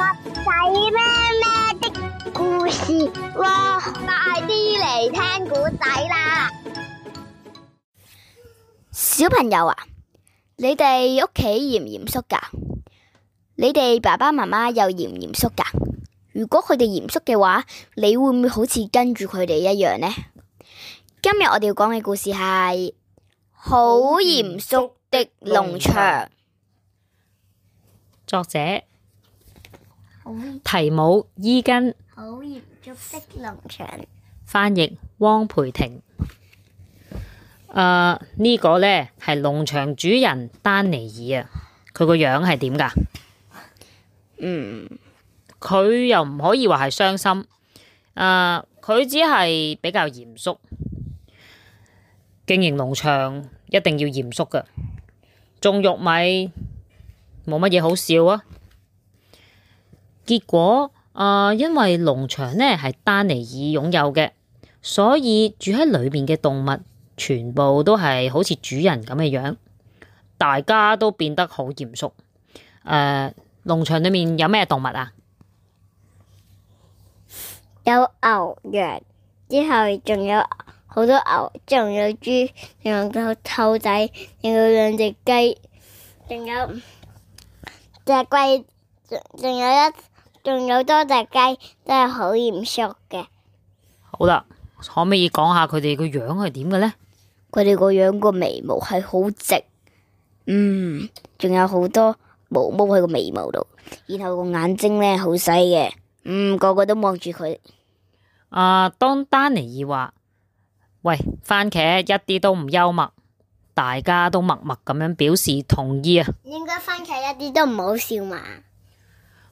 仔咩咩的故事喎，快啲嚟聽故仔啦！小朋友啊，你哋屋企嚴唔嚴肅噶？你哋爸爸媽媽又嚴唔嚴肅噶？如果佢哋嚴肅嘅話，你會唔會好似跟住佢哋一樣呢？今日我哋要講嘅故事係好嚴肅的農場，作者。提姆，伊根。好嚴肅的農場。翻譯：汪培珽。誒，呢個呢係農場主人丹尼爾啊，佢個樣係點噶？嗯，佢又唔可以話係傷心，誒，佢只係比較嚴肅。經營農場一定要嚴肅噶，種玉米冇乜嘢好笑啊！結果，誒、呃，因為農場呢係丹尼爾擁有嘅，所以住喺裏面嘅動物全部都係好似主人咁嘅樣，大家都變得好嚴肅。誒、呃，農場裏面有咩動物啊？有牛、羊，之後仲有好多牛，仲有豬，仲有兔仔，仲有兩隻雞，仲有隻龜，仲有，仲有一。仲有多隻雞，真係好嚴肅嘅。好啦，可唔可以講下佢哋個樣係點嘅呢？佢哋個樣個眉毛係好直，嗯，仲有好多毛毛喺個眉毛度。然後個眼睛咧好細嘅，嗯，個個都望住佢。啊，當丹尼爾話：「喂，番茄一啲都唔幽默，大家都默默咁樣表示同意啊。應該番茄一啲都唔好笑嘛。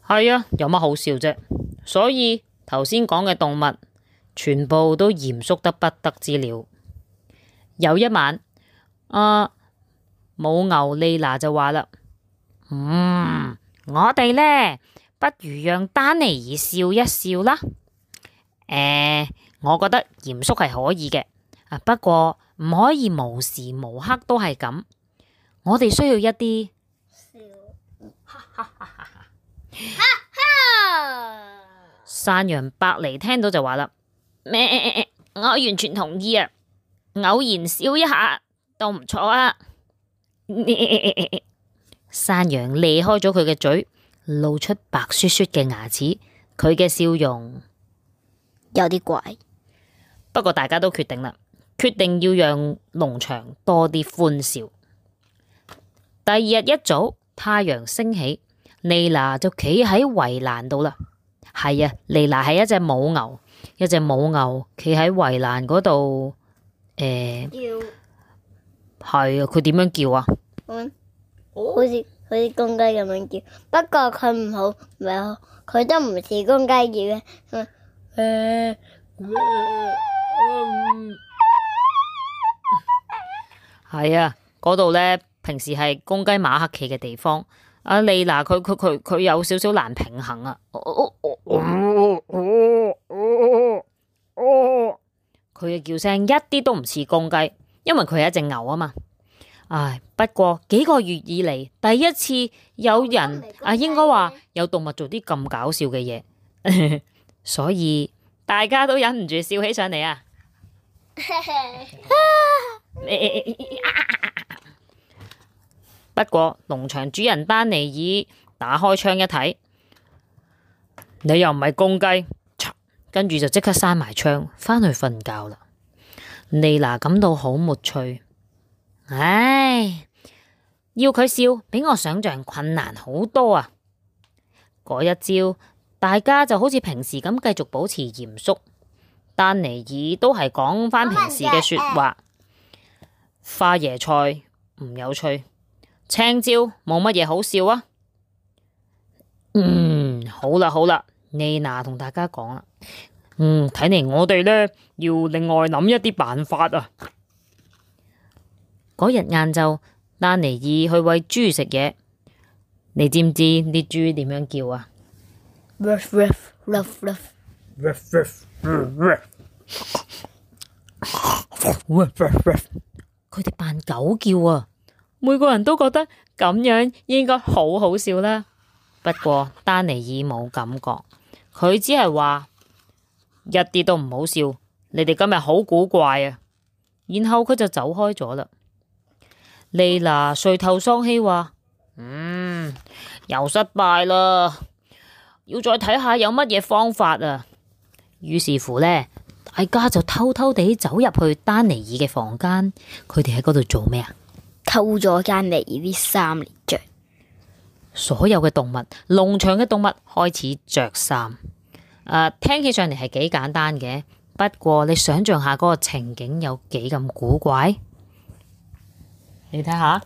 係啊，有乜好笑啫？所以頭先講嘅動物全部都嚴肅得不得之了。有一晚，誒、啊、母牛莉娜就話啦：嗯，我哋呢，不如讓丹尼爾笑一笑啦。誒、啊，我覺得嚴肅係可以嘅，不過唔可以無時無刻都係咁，我哋需要一啲笑。 啊、哈，山羊伯尼聽到就話啦：咩？ 我完全同意啊！偶然笑一下都唔錯啊！ 山羊裂開咗佢嘅嘴，露出白雪雪嘅牙齒，佢嘅笑容有啲怪。不過大家都決定啦，決定要讓農場多啲歡笑。第二日一早，太陽升起。妮娜就企喺圍欄度啦。係啊，妮娜係一隻母牛，一隻母牛企喺圍欄嗰度。誒，叫係啊，佢點樣叫啊？好似好似公雞咁樣叫，不過佢唔好唔好，佢都唔似公雞叫嘅。誒誒，係啊，嗰度咧平時係公雞馬克企嘅地方。阿、啊、莉娜，佢佢佢佢有少少難平衡啊！佢嘅叫聲一啲都唔似公雞，因為佢係一隻牛啊嘛。唉，不過幾個月以嚟第一次有人，人啊，應該話有動物做啲咁搞笑嘅嘢， 所以大家都忍唔住笑起上嚟啊！ 不過農場主人丹尼爾打開窗一睇，你又唔係公雞。跟住就即刻閂埋窗，返去瞓覺啦。妮娜感到好沒趣，唉，要佢笑，比我想象困難好多啊！嗰一朝，大家就好似平時咁，繼續保持嚴肅。丹尼爾都係講返平時嘅說話，花椰菜唔有趣。青椒冇乜嘢好笑啊！嗯，好啦好啦，妮娜同大家講啦。嗯，睇嚟我哋呢要另外諗一啲辦法啊。嗰日晏晝，丹尼爾去餵豬食嘢。你知唔知啲豬點樣叫啊？佢哋扮狗叫啊！每個人都覺得咁樣應該好好笑啦。不過丹尼爾冇感覺，佢只係話一啲都唔好笑。你哋今日好古怪啊。然後佢就走開咗啦。莉娜垂頭喪氣話，嗯，又失敗啦，要再睇下有乜嘢方法啊。於是乎呢，大家就偷偷地走入去丹尼爾嘅房間。佢哋喺嗰度做咩啊？偷咗間你啲衫嚟着。所有嘅動物，農場嘅動物開始着衫。誒、啊，聽起上嚟係幾簡單嘅，不過你想象下嗰個情景有幾咁古怪。你睇下，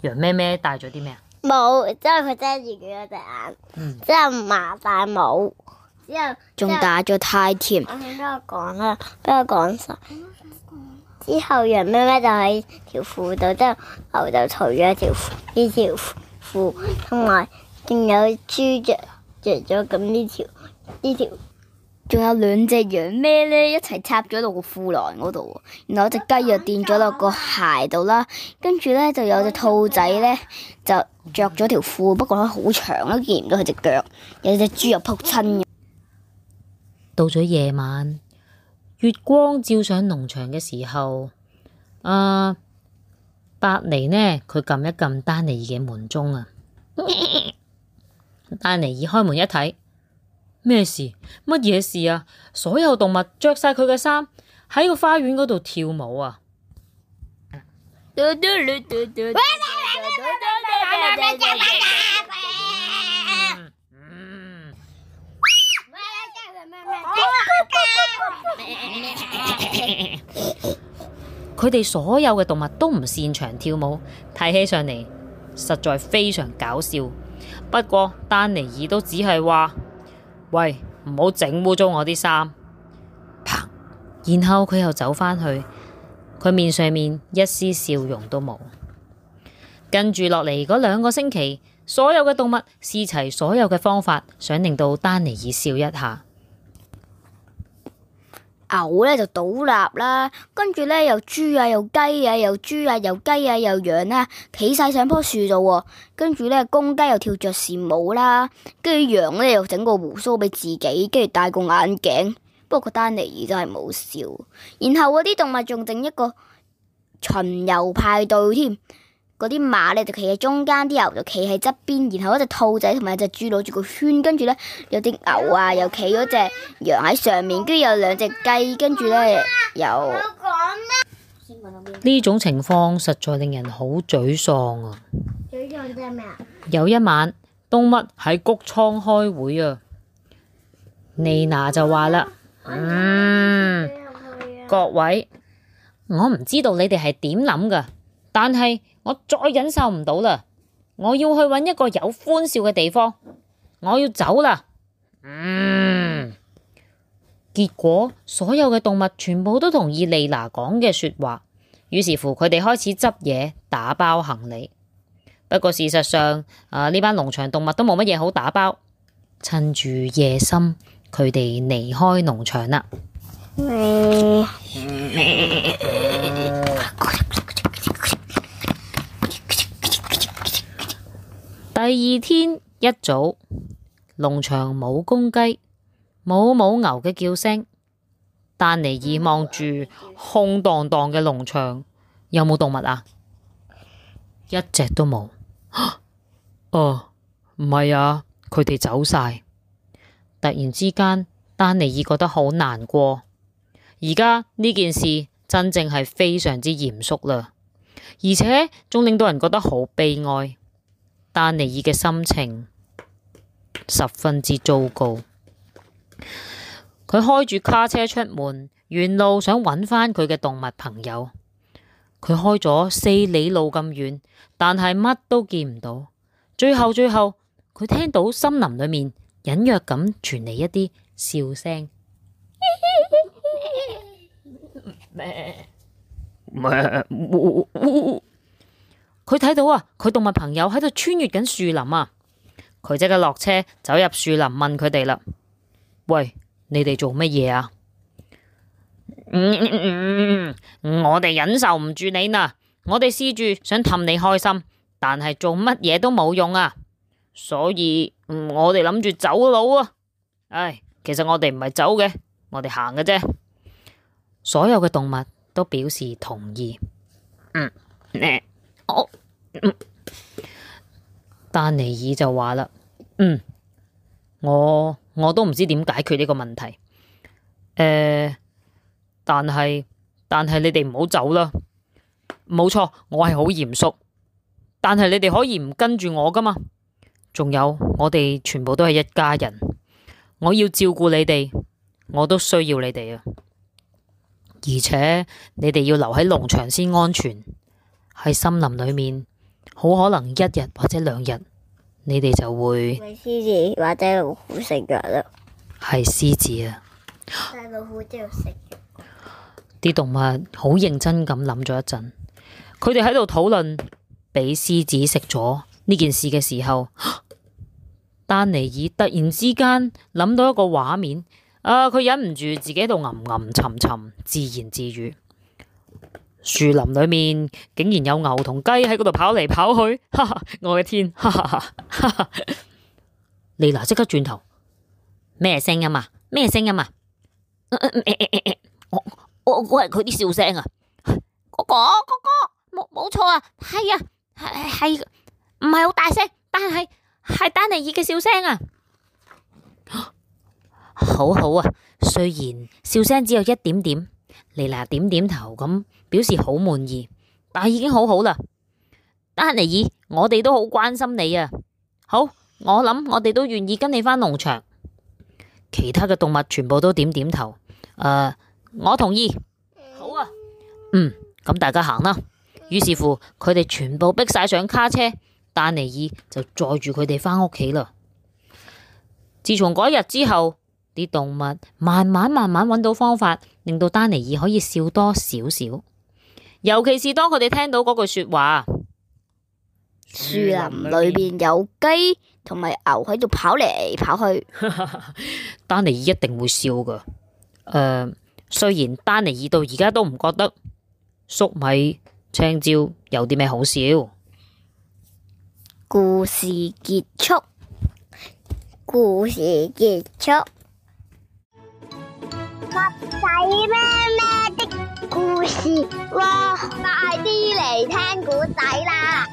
羊咩咩戴咗啲咩啊？冇，即係佢遮住佢嗰隻眼。嗯。即麻大帽，之後仲戴咗太陽。俾我講啦，俾我講晒。之後羊咩咩就喺條褲度，即係牛就除咗條呢條褲，同埋仲有豬着着咗咁呢條呢條，仲有兩隻羊咩咧一齊插咗落個褲囊嗰度，然後隻雞又墊咗落個鞋度啦，跟住咧就有隻兔仔咧就着咗條褲，不過咧好長都見唔到佢隻腳，有隻豬又仆親。到咗夜晚。月光照上農場嘅時候，阿、啊、白尼呢？佢撳一撳丹尼爾嘅門鐘啊！ 丹尼爾開門一睇，咩事？乜嘢事啊？所有動物着晒佢嘅衫，喺個花園嗰度跳舞啊！ 佢哋所有嘅動物都唔擅長跳舞，睇起上嚟實在非常搞笑。不過丹尼爾都只係話，喂，唔好整污糟我啲衫！啪，然後佢又走返去，佢面上面一絲笑容都冇。跟住落嚟嗰兩個星期，所有嘅動物試齊所有嘅方法，想令到丹尼爾笑一下。牛咧就倒立啦，跟住咧又豬啊又雞啊又豬啊又雞啊又羊啦，啊，企晒上棵樹度喎，跟住咧公雞又跳爵士舞啦，跟住羊咧又整個鬍鬚俾自己，跟住戴個眼鏡，不過個丹尼爾都係冇笑，然後我、啊、啲動物仲整一個巡遊派對添。嗰啲馬咧就企喺中間，啲牛就企喺側邊，然後一隻兔仔同埋一隻豬攞住個圈，跟住咧有隻牛啊，又企咗隻羊喺上面，跟住有兩隻雞，跟住咧有呢種情況，實在令人好沮喪啊！沮喪啫咩啊？有一晚，動物喺谷倉開會啊，妮娜就話啦：嗯，各位，我唔知道你哋係點諗噶，但係，我再忍受唔到啦，我要去揾一個有歡笑嘅地方，我要走啦。嗯，結果所有嘅動物全部都同意莉娜講嘅說話，於是乎佢哋開始執嘢打包行李。不過事實上，啊呢班農場動物都冇乜嘢好打包。趁住夜深，佢哋離開農場啦。 第二天一早，農場冇公雞、冇母牛嘅叫聲。丹尼爾望住空蕩蕩嘅農場，有冇動物啊？一隻都冇。哦，唔係啊，佢哋、啊、走晒。突然之間，丹尼爾覺得好難過。而家呢件事真正係非常之嚴肅喇，而且仲令到人覺得好悲哀。丹尼爾嘅心情十分之糟糕，佢開住卡車，車出門，沿路想搵翻佢嘅動物朋友。佢開咗四里路咁遠，但係乜都見唔到。最後最後，佢聽到森林裏面隱約咁傳嚟一啲笑聲。 佢睇到啊，佢動物朋友喺度穿越緊樹林啊，佢即刻落車走入樹林，問佢哋啦，喂，你哋做乜嘢啊？嗯嗯嗯嗯，我哋忍受唔住你嗱，我哋試住想氹你開心，但係做乜嘢都冇用啊，所以我哋諗住走佬啊。唉，其實我哋唔係走嘅，我哋行嘅啫。所有嘅動物都表示同意。嗯，呃哦嗯、丹尼爾就話啦，嗯，我我都唔知點解決呢個問題，誒、呃，但係但係你哋唔好走啦，冇錯，我係好嚴肅，但係你哋可以唔跟住我噶嘛，仲有我哋全部都係一家人，我要照顧你哋，我都需要你哋啊，而且你哋要留喺農場先安全。喺森林裏面，好可能一日或者兩日，你哋就會。係獅子或者老虎食藥啦。係獅子啊！大老虎都要食藥。啲 動物好認真咁諗咗一陣，佢哋喺度討論俾獅子食咗呢件事嘅時候， 丹尼爾突然之間諗到一個畫面，啊！佢忍唔住自己喺度吟吟沉沉，自言自語。樹林裏面竟然有牛同雞喺嗰度跑嚟跑去， 我嘅的天！哈哈哈！哈哈哈！莉娜即刻轉頭，咩聲音啊？咩 聲音啊？我我我係佢啲笑聲啊！哥哥哥哥，冇冇錯啊？係啊，係係唔係好大聲？但係係丹尼爾嘅笑聲啊！ourselves 好好啊，雖然笑聲只有一點點。尼娜點點頭咁，表示好滿意，但係已經好好啦。丹尼爾，我哋都好關心你啊。好，我諗我哋都願意跟你翻農場。其他嘅動物全部都點點頭。誒、呃，我同意。好啊。嗯，咁大家行啦。於是乎，佢哋全部逼晒上卡車，丹尼爾就載住佢哋翻屋企啦。自從嗰日之後。啲動物慢慢慢慢搵到方法，令到丹尼爾可以笑多少少。尤其是當佢哋聽到嗰句說話，樹林裏面有雞同埋牛喺度跑嚟跑去， 丹尼爾一定會笑噶。誒、呃，雖然丹尼爾到而家都唔覺得粟米青椒有啲咩好笑。故事結束，故事結束。襪仔咩咩的故事喎？哇哇快啲嚟聽古仔啦！